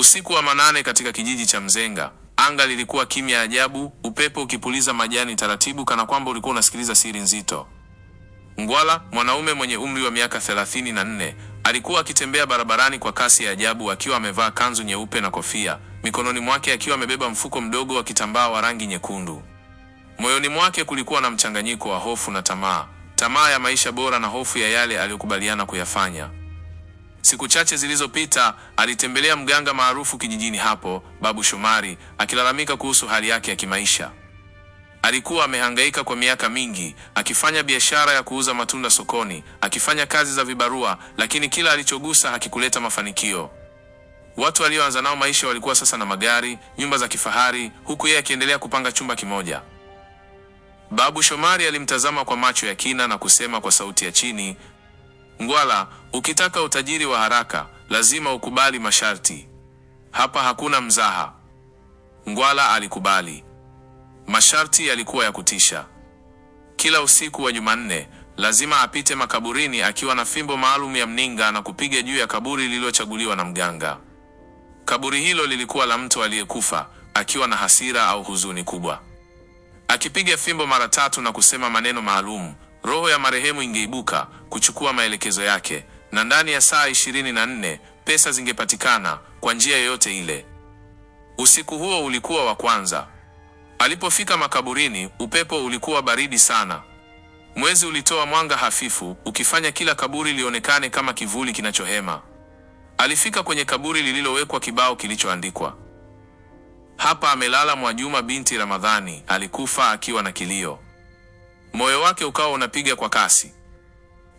Usiku wa manane katika kijiji cha Mzenga, anga lilikuwa kimya ajabu, upepo ukipuliza majani taratibu, kana kwamba ulikuwa unasikiliza siri nzito. Ngwala, mwanaume mwenye umri wa miaka thelathini na nne, alikuwa akitembea barabarani kwa kasi ya ajabu, akiwa amevaa kanzu nyeupe na kofia, mikononi mwake akiwa amebeba mfuko mdogo wa kitambaa wa rangi nyekundu. Moyoni mwake kulikuwa na mchanganyiko wa hofu na tamaa, tamaa ya maisha bora na hofu ya yale aliyokubaliana kuyafanya. Siku chache zilizopita alitembelea mganga maarufu kijijini hapo, Babu Shomari, akilalamika kuhusu hali yake ya kimaisha. Alikuwa amehangaika kwa miaka mingi, akifanya biashara ya kuuza matunda sokoni, akifanya kazi za vibarua, lakini kila alichogusa hakikuleta mafanikio. Watu walioanza nao maisha walikuwa sasa na magari, nyumba za kifahari, huku yeye akiendelea kupanga chumba kimoja. Babu Shomari alimtazama kwa macho ya kina na kusema kwa sauti ya chini, Ngwala, ukitaka utajiri wa haraka lazima ukubali masharti. Hapa hakuna mzaha. Ngwala alikubali. Masharti yalikuwa ya kutisha. Kila usiku wa Jumanne lazima apite makaburini akiwa na fimbo maalum ya mninga na kupiga juu ya kaburi lililochaguliwa na mganga. Kaburi hilo lilikuwa la mtu aliyekufa akiwa na hasira au huzuni kubwa. Akipiga fimbo mara tatu na kusema maneno maalum roho ya marehemu ingeibuka kuchukua maelekezo yake, na ndani ya saa ishirini na nne pesa zingepatikana kwa njia yoyote ile. Usiku huo ulikuwa wa kwanza. Alipofika makaburini, upepo ulikuwa baridi sana. Mwezi ulitoa mwanga hafifu, ukifanya kila kaburi lionekane kama kivuli kinachohema. Alifika kwenye kaburi lililowekwa kibao kilichoandikwa, hapa amelala Mwajuma binti Ramadhani, alikufa akiwa na kilio. Moyo wake ukawa unapiga kwa kasi.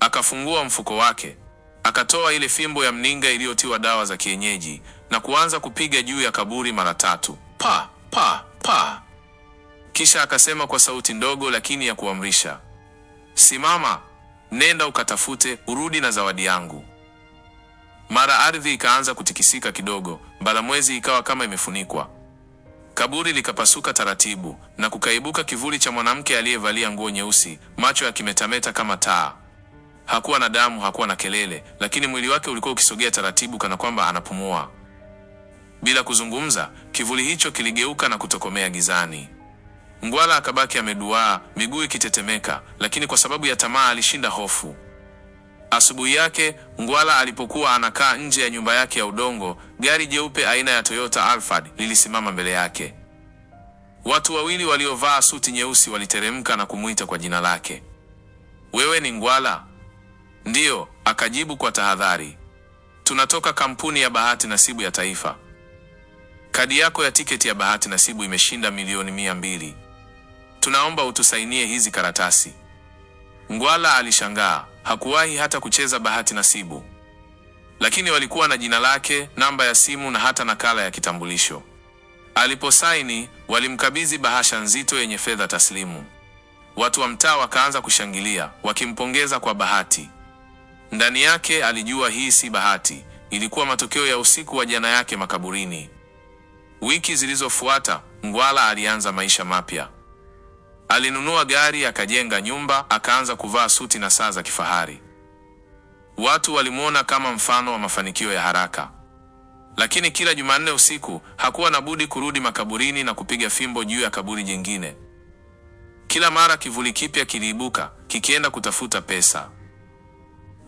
Akafungua mfuko wake, akatoa ile fimbo ya mninga iliyotiwa dawa za kienyeji na kuanza kupiga juu ya kaburi mara tatu, pa pa pa. Kisha akasema kwa sauti ndogo lakini ya kuamrisha, simama, nenda ukatafute, urudi na zawadi yangu. Mara ardhi ikaanza kutikisika kidogo, mwezi ikawa kama imefunikwa. Kaburi likapasuka taratibu na kukaibuka kivuli cha mwanamke aliyevalia nguo nyeusi, macho yakimetameta kama taa. Hakuwa na damu, hakuwa na kelele, lakini mwili wake ulikuwa ukisogea taratibu, kana kwamba anapumua. Bila kuzungumza, kivuli hicho kiligeuka na kutokomea gizani. ngwala akabaki ameduaa, miguu ikitetemeka, lakini kwa sababu ya tamaa alishinda hofu. Asubuhi yake Ngwala alipokuwa anakaa nje ya nyumba yake ya udongo, gari jeupe aina ya Toyota Alphard lilisimama mbele yake. Watu wawili waliovaa suti nyeusi waliteremka na kumwita kwa jina lake. Wewe ni Ngwala? Ndiyo, akajibu kwa tahadhari. Tunatoka kampuni ya bahati nasibu ya taifa. Kadi yako ya tiketi ya bahati nasibu imeshinda milioni mia mbili. Tunaomba utusainie hizi karatasi. Ngwala alishangaa, hakuwahi hata kucheza bahati nasibu lakini walikuwa na jina lake, namba ya simu na hata nakala ya kitambulisho. Aliposaini, walimkabidhi bahasha nzito yenye fedha taslimu. Watu wa mtaa wakaanza kushangilia, wakimpongeza kwa bahati. Ndani yake alijua hii si bahati, ilikuwa matokeo ya usiku wa jana yake makaburini. Wiki zilizofuata, Ngwala alianza maisha mapya. Alinunua gari, akajenga nyumba, akaanza kuvaa suti na saa za kifahari. Watu walimwona kama mfano wa mafanikio ya haraka. Lakini kila Jumanne usiku hakuwa na budi kurudi makaburini na kupiga fimbo juu ya kaburi jingine. Kila mara kivuli kipya kiliibuka kikienda kutafuta pesa.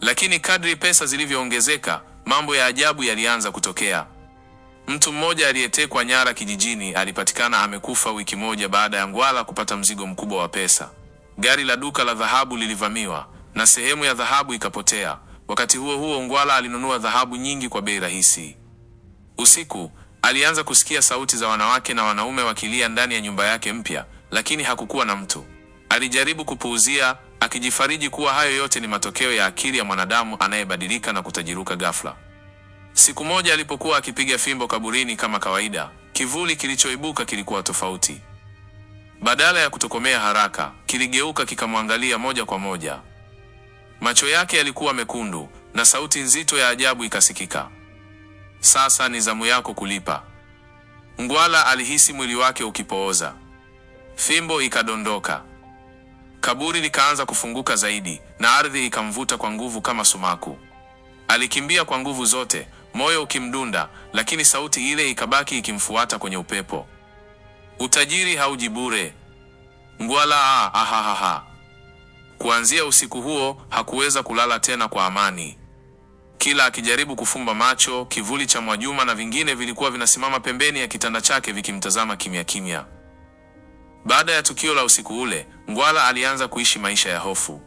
Lakini kadri pesa zilivyoongezeka, mambo ya ajabu yalianza kutokea. Mtu mmoja aliyetekwa nyara kijijini alipatikana amekufa wiki moja baada ya Ngwala kupata mzigo mkubwa wa pesa. Gari la duka la dhahabu lilivamiwa na sehemu ya dhahabu ikapotea. Wakati huo huo, Ngwala alinunua dhahabu nyingi kwa bei rahisi. Usiku alianza kusikia sauti za wanawake na wanaume wakilia ndani ya nyumba yake mpya, lakini hakukuwa na mtu. Alijaribu kupuuzia, akijifariji kuwa hayo yote ni matokeo ya akili ya mwanadamu anayebadilika na kutajiruka ghafla. Siku moja alipokuwa akipiga fimbo kaburini kama kawaida, kivuli kilichoibuka kilikuwa tofauti. Badala ya kutokomea haraka, kiligeuka kikamwangalia moja kwa moja. Macho yake yalikuwa mekundu na sauti nzito ya ajabu ikasikika, sasa ni zamu yako kulipa. Ngwala alihisi mwili wake ukipooza, fimbo ikadondoka, kaburi likaanza kufunguka zaidi na ardhi ikamvuta kwa nguvu kama sumaku. Alikimbia kwa nguvu zote, moyo ukimdunda, lakini sauti ile ikabaki ikimfuata kwenye upepo. Utajiri hauji bure. Ngwala ahahaha. Kuanzia usiku huo hakuweza kulala tena kwa amani. Kila akijaribu kufumba macho, kivuli cha Mwajuma na vingine vilikuwa vinasimama pembeni ya kitanda chake vikimtazama kimya kimya. Baada ya tukio la usiku ule, Ngwala alianza kuishi maisha ya hofu.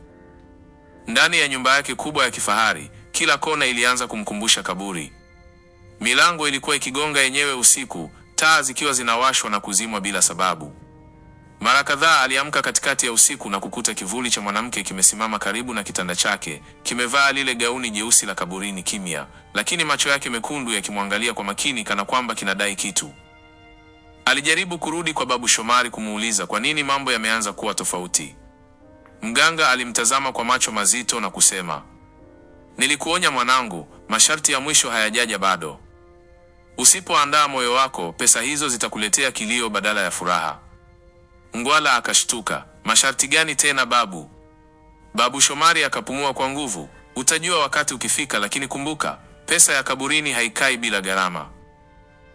Ndani ya nyumba yake kubwa ya kifahari, kila kona ilianza kumkumbusha kaburi. Milango ilikuwa ikigonga yenyewe usiku, taa zikiwa zinawashwa na kuzimwa bila sababu. Mara kadhaa aliamka katikati ya usiku na kukuta kivuli cha mwanamke kimesimama karibu na kitanda chake, kimevaa lile gauni jeusi la kaburini kimya, lakini macho yake mekundu yakimwangalia kwa makini kana kwamba kinadai kitu. Alijaribu kurudi kwa Babu Shomari kumuuliza kwa nini mambo yameanza kuwa tofauti. Mganga alimtazama kwa macho mazito na kusema, nilikuonya mwanangu, masharti ya mwisho hayajaja bado. Usipoandaa moyo wako, pesa hizo zitakuletea kilio badala ya furaha. Ngwala akashtuka. Masharti gani tena babu? Babu Shomari akapumua kwa nguvu. Utajua wakati ukifika, lakini kumbuka, pesa ya kaburini haikai bila gharama.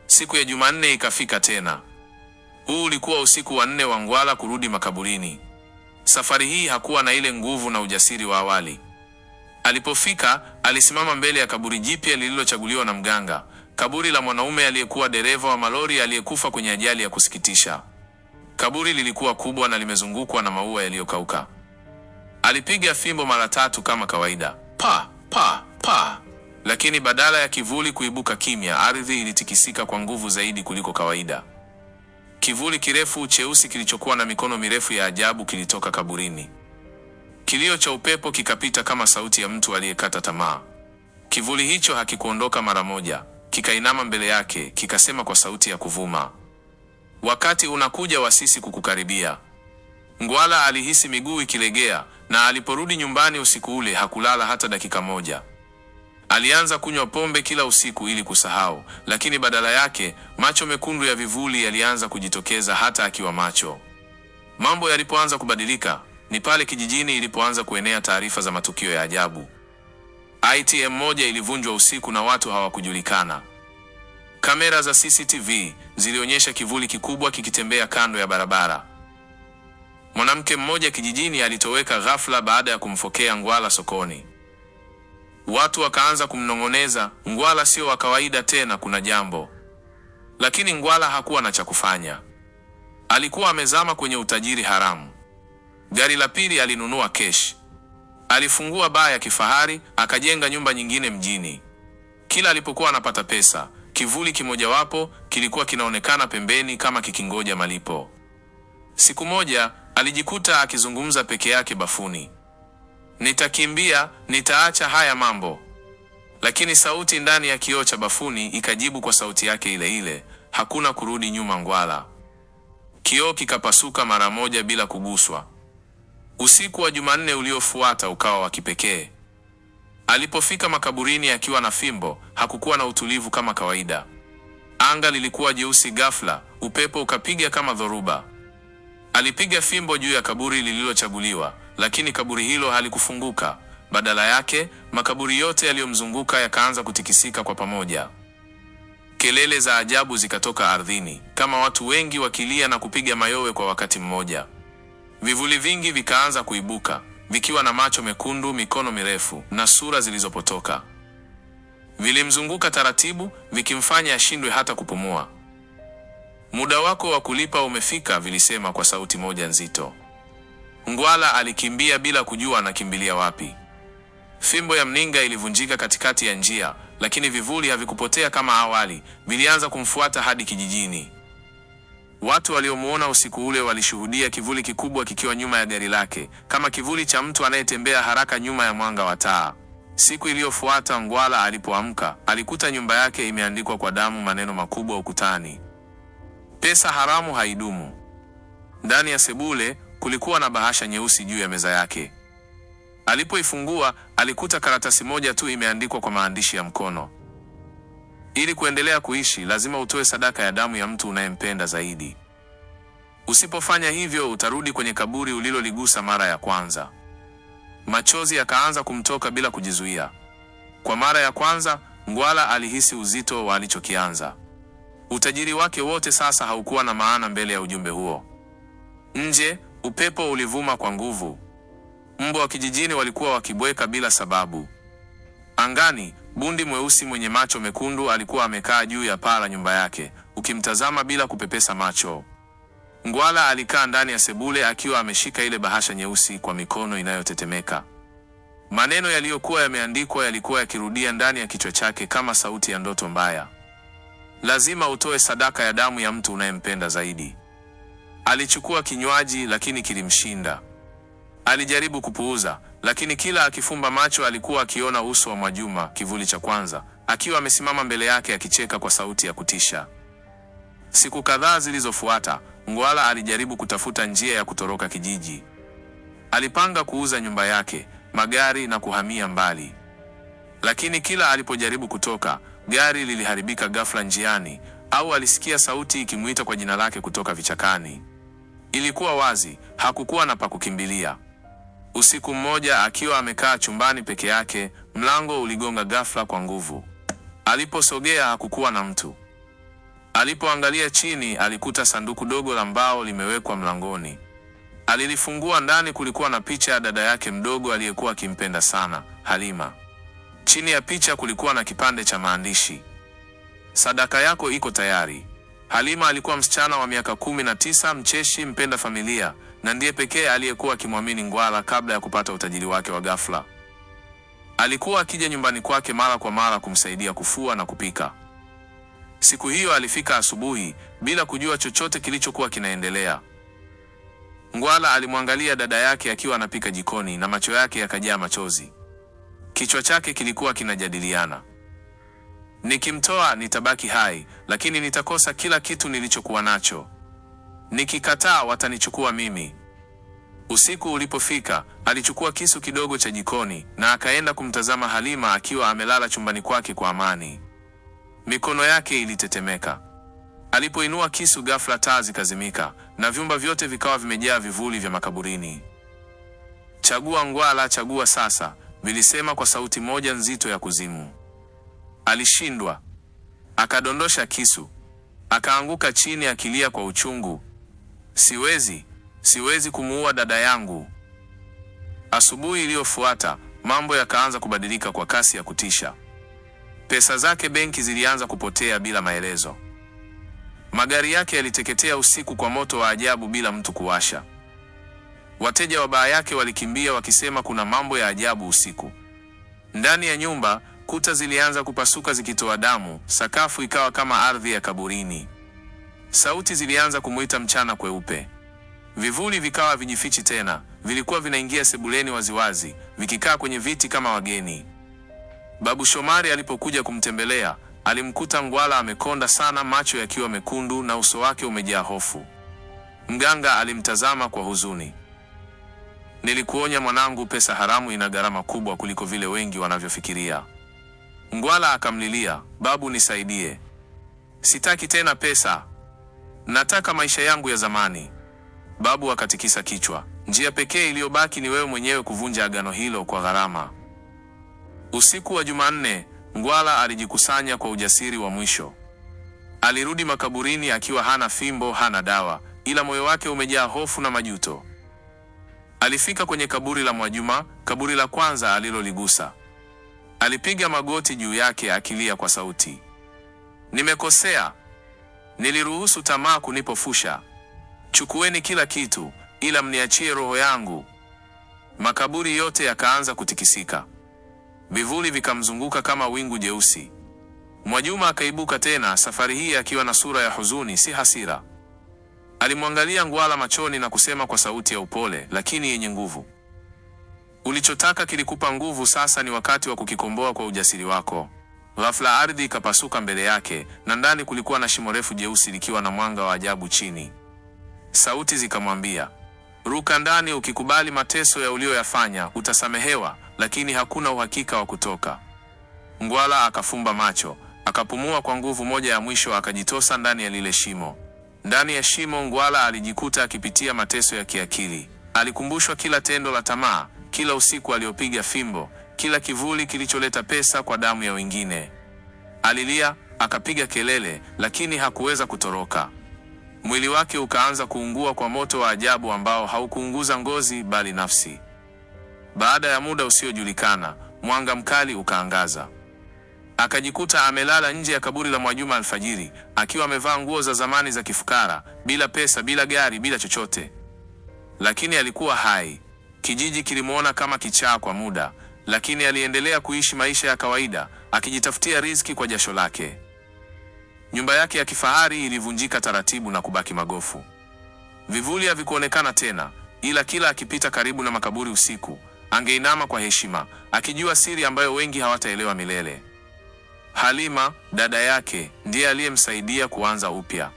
Siku ya Jumanne ikafika tena. Huu ulikuwa usiku wa nne wa Ngwala kurudi makaburini. Safari hii hakuwa na ile nguvu na ujasiri wa awali. Alipofika, alisimama mbele ya kaburi jipya lililochaguliwa na mganga, kaburi la mwanaume aliyekuwa dereva wa malori aliyekufa kwenye ajali ya kusikitisha. Kaburi lilikuwa kubwa na limezungukwa na maua yaliyokauka. Alipiga fimbo mara tatu kama kawaida, pa pa pa, lakini badala ya kivuli kuibuka kimya, ardhi ilitikisika kwa nguvu zaidi kuliko kawaida. Kivuli kirefu cheusi kilichokuwa na mikono mirefu ya ajabu kilitoka kaburini. Kilio cha upepo kikapita kama sauti ya mtu aliyekata tamaa. Kivuli hicho hakikuondoka mara moja, kikainama mbele yake, kikasema kwa sauti ya kuvuma, Wakati unakuja wa sisi kukukaribia. Ngwala alihisi miguu ikilegea, na aliporudi nyumbani usiku ule hakulala hata dakika moja. Alianza kunywa pombe kila usiku ili kusahau, lakini badala yake macho mekundu ya vivuli yalianza kujitokeza hata akiwa macho. Mambo yalipoanza kubadilika ni pale kijijini ilipoanza kuenea taarifa za matukio ya ajabu. ITM moja ilivunjwa usiku na watu hawakujulikana. Kamera za CCTV zilionyesha kivuli kikubwa kikitembea kando ya barabara. Mwanamke mmoja kijijini alitoweka ghafla baada ya kumfokea ngwala sokoni. Watu wakaanza kumnong'oneza, ngwala sio wa kawaida tena, kuna jambo. Lakini ngwala hakuwa na cha kufanya, alikuwa amezama kwenye utajiri haramu. Gari la pili alinunua kesh, alifungua baa ya kifahari, akajenga nyumba nyingine mjini. Kila alipokuwa anapata pesa Kivuli kimojawapo kilikuwa kinaonekana pembeni kama kikingoja malipo. Siku moja alijikuta akizungumza peke yake bafuni, nitakimbia, nitaacha haya mambo. Lakini sauti ndani ya kioo cha bafuni ikajibu kwa sauti yake ile ile, hakuna kurudi nyuma Ngwala. Kioo kikapasuka mara moja bila kuguswa. Usiku wa Jumanne uliofuata ukawa wa kipekee. Alipofika makaburini akiwa na fimbo, hakukuwa na utulivu kama kawaida. Anga lilikuwa jeusi ghafla, upepo ukapiga kama dhoruba. Alipiga fimbo juu ya kaburi lililochaguliwa, lakini kaburi hilo halikufunguka. Badala yake, makaburi yote yaliyomzunguka yakaanza kutikisika kwa pamoja. Kelele za ajabu zikatoka ardhini, kama watu wengi wakilia na kupiga mayowe kwa wakati mmoja. Vivuli vingi vikaanza kuibuka, vikiwa na macho mekundu, mikono mirefu na sura zilizopotoka. Vilimzunguka taratibu, vikimfanya ashindwe hata kupumua. Muda wako wa kulipa umefika, vilisema kwa sauti moja nzito. Ngwala alikimbia bila kujua anakimbilia wapi. Fimbo ya mninga ilivunjika katikati ya njia, lakini vivuli havikupotea kama awali, vilianza kumfuata hadi kijijini. Watu waliomwona usiku ule walishuhudia kivuli kikubwa kikiwa nyuma ya gari lake, kama kivuli cha mtu anayetembea haraka nyuma ya mwanga wa taa. Siku iliyofuata Ngwala alipoamka, alikuta nyumba yake imeandikwa kwa damu maneno makubwa ukutani: pesa haramu haidumu. Ndani ya sebule kulikuwa na bahasha nyeusi juu ya meza yake. Alipoifungua alikuta karatasi moja tu imeandikwa kwa maandishi ya mkono: ili kuendelea kuishi, lazima utoe sadaka ya damu ya mtu unayempenda zaidi. Usipofanya hivyo, utarudi kwenye kaburi uliloligusa mara ya kwanza. Machozi yakaanza kumtoka bila kujizuia. Kwa mara ya kwanza, Ngwala alihisi uzito wa alichokianza. Utajiri wake wote sasa haukuwa na maana mbele ya ujumbe huo. Nje, upepo ulivuma kwa nguvu. Mbwa wa kijijini walikuwa wakibweka bila sababu. Angani, bundi mweusi mwenye macho mekundu alikuwa amekaa juu ya paa la nyumba yake, ukimtazama bila kupepesa macho. Ngwala alikaa ndani ya sebule akiwa ameshika ile bahasha nyeusi kwa mikono inayotetemeka. Maneno yaliyokuwa yameandikwa yalikuwa yakirudia ndani ya kichwa chake kama sauti ya ndoto mbaya. Lazima utoe sadaka ya damu ya mtu unayempenda zaidi. Alichukua kinywaji lakini kilimshinda. Alijaribu kupuuza, lakini kila akifumba macho alikuwa akiona uso wa Mwajuma, kivuli cha kwanza, akiwa amesimama mbele yake akicheka kwa sauti ya kutisha. Siku kadhaa zilizofuata, Ngwala alijaribu kutafuta njia ya kutoroka kijiji. Alipanga kuuza nyumba yake, magari na kuhamia mbali. Lakini kila alipojaribu kutoka, gari liliharibika ghafla njiani au alisikia sauti ikimwita kwa jina lake kutoka vichakani. Ilikuwa wazi, hakukuwa na pa kukimbilia. Usiku mmoja akiwa amekaa chumbani peke yake, mlango uligonga ghafla kwa nguvu. Aliposogea hakukuwa na mtu. Alipoangalia chini, alikuta sanduku dogo la mbao limewekwa mlangoni. Alilifungua. Ndani kulikuwa na picha ya dada yake mdogo aliyekuwa akimpenda sana, Halima. Chini ya picha kulikuwa na kipande cha maandishi, sadaka yako iko tayari. Halima alikuwa msichana wa miaka kumi na tisa, mcheshi, mpenda familia na ndiye pekee aliyekuwa akimwamini Ngwala kabla ya kupata utajiri wake wa ghafla. Alikuwa akija nyumbani kwake mara kwa mara kumsaidia kufua na kupika. Siku hiyo alifika asubuhi bila kujua chochote kilichokuwa kinaendelea. Ngwala alimwangalia dada yake akiwa anapika jikoni na macho yake yakajaa machozi. Kichwa chake kilikuwa kinajadiliana, nikimtoa nitabaki hai, lakini nitakosa kila kitu nilichokuwa nacho. Nikikataa watanichukua mimi. Usiku ulipofika, alichukua kisu kidogo cha jikoni na akaenda kumtazama Halima akiwa amelala chumbani kwake kwa amani. Mikono yake ilitetemeka. Alipoinua kisu, ghafla taa zikazimika na vyumba vyote vikawa vimejaa vivuli vya makaburini. Chagua Ngwala, chagua sasa, vilisema kwa sauti moja nzito ya kuzimu. Alishindwa, akadondosha kisu, akaanguka chini akilia kwa uchungu, Siwezi, siwezi kumuua dada yangu. Asubuhi iliyofuata mambo yakaanza kubadilika kwa kasi ya kutisha. Pesa zake benki zilianza kupotea bila maelezo. Magari yake yaliteketea usiku kwa moto wa ajabu bila mtu kuwasha. Wateja wa baa yake walikimbia wakisema kuna mambo ya ajabu usiku. Ndani ya nyumba, kuta zilianza kupasuka zikitoa damu, sakafu ikawa kama ardhi ya kaburini. Sauti zilianza kumwita mchana kweupe. Vivuli vikawa vijifichi tena, vilikuwa vinaingia sebuleni waziwazi, vikikaa kwenye viti kama wageni. Babu Shomari alipokuja kumtembelea, alimkuta Ngwala amekonda sana, macho yakiwa mekundu na uso wake umejaa hofu. Mganga alimtazama kwa huzuni. Nilikuonya mwanangu, pesa haramu ina gharama kubwa kuliko vile wengi wanavyofikiria. Ngwala akamlilia, babu, nisaidie, sitaki tena pesa, Nataka maisha yangu ya zamani. Babu akatikisa kichwa. Njia pekee iliyobaki ni wewe mwenyewe kuvunja agano hilo kwa gharama. Usiku wa Jumanne, Ngwala alijikusanya kwa ujasiri wa mwisho. Alirudi makaburini akiwa hana fimbo, hana dawa, ila moyo wake umejaa hofu na majuto. Alifika kwenye kaburi la Mwajuma, kaburi la kwanza aliloligusa. Alipiga magoti juu yake akilia kwa sauti. Nimekosea. Niliruhusu tamaa kunipofusha. Chukueni kila kitu, ila mniachie roho yangu. Makaburi yote yakaanza kutikisika, vivuli vikamzunguka kama wingu jeusi. Mwajuma akaibuka tena, safari hii akiwa na sura ya huzuni, si hasira. Alimwangalia Ngwala machoni na kusema kwa sauti ya upole lakini yenye nguvu, ulichotaka kilikupa nguvu, sasa ni wakati wa kukikomboa kwa ujasiri wako. Ghafla ardhi ikapasuka mbele yake, na ndani kulikuwa na shimo refu jeusi likiwa na mwanga wa ajabu chini. Sauti zikamwambia, ruka ndani, ukikubali mateso ya uliyoyafanya utasamehewa, lakini hakuna uhakika wa kutoka. Ngwala akafumba macho, akapumua kwa nguvu moja ya mwisho, akajitosa ndani ya lile shimo. Ndani ya shimo, Ngwala alijikuta akipitia mateso ya kiakili. Alikumbushwa kila tendo la tamaa, kila usiku aliopiga fimbo kila kivuli kilicholeta pesa kwa damu ya wengine. Alilia, akapiga kelele, lakini hakuweza kutoroka. Mwili wake ukaanza kuungua kwa moto wa ajabu ambao haukuunguza ngozi bali nafsi. Baada ya muda usiojulikana, mwanga mkali ukaangaza. Akajikuta amelala nje ya kaburi la Mwajuma alfajiri, akiwa amevaa nguo za zamani za kifukara, bila pesa, bila gari, bila chochote. Lakini alikuwa hai. Kijiji kilimwona kama kichaa kwa muda, lakini aliendelea kuishi maisha ya kawaida akijitafutia riziki kwa jasho lake. Nyumba yake ya kifahari ilivunjika taratibu na kubaki magofu. Vivuli havikuonekana tena, ila kila akipita karibu na makaburi usiku angeinama kwa heshima, akijua siri ambayo wengi hawataelewa milele. Halima, dada yake, ndiye aliyemsaidia kuanza upya.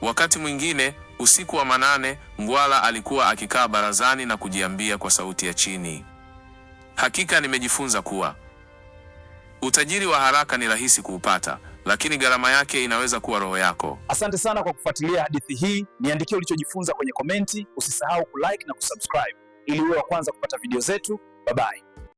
Wakati mwingine usiku wa manane, Ngwala alikuwa akikaa barazani na kujiambia kwa sauti ya chini Hakika nimejifunza kuwa utajiri wa haraka ni rahisi kuupata, lakini gharama yake inaweza kuwa roho yako. Asante sana kwa kufuatilia hadithi hii. Niandikie ulichojifunza kwenye komenti. Usisahau kulike na kusubscribe ili uwe wa kwanza kupata video zetu. Bye bye.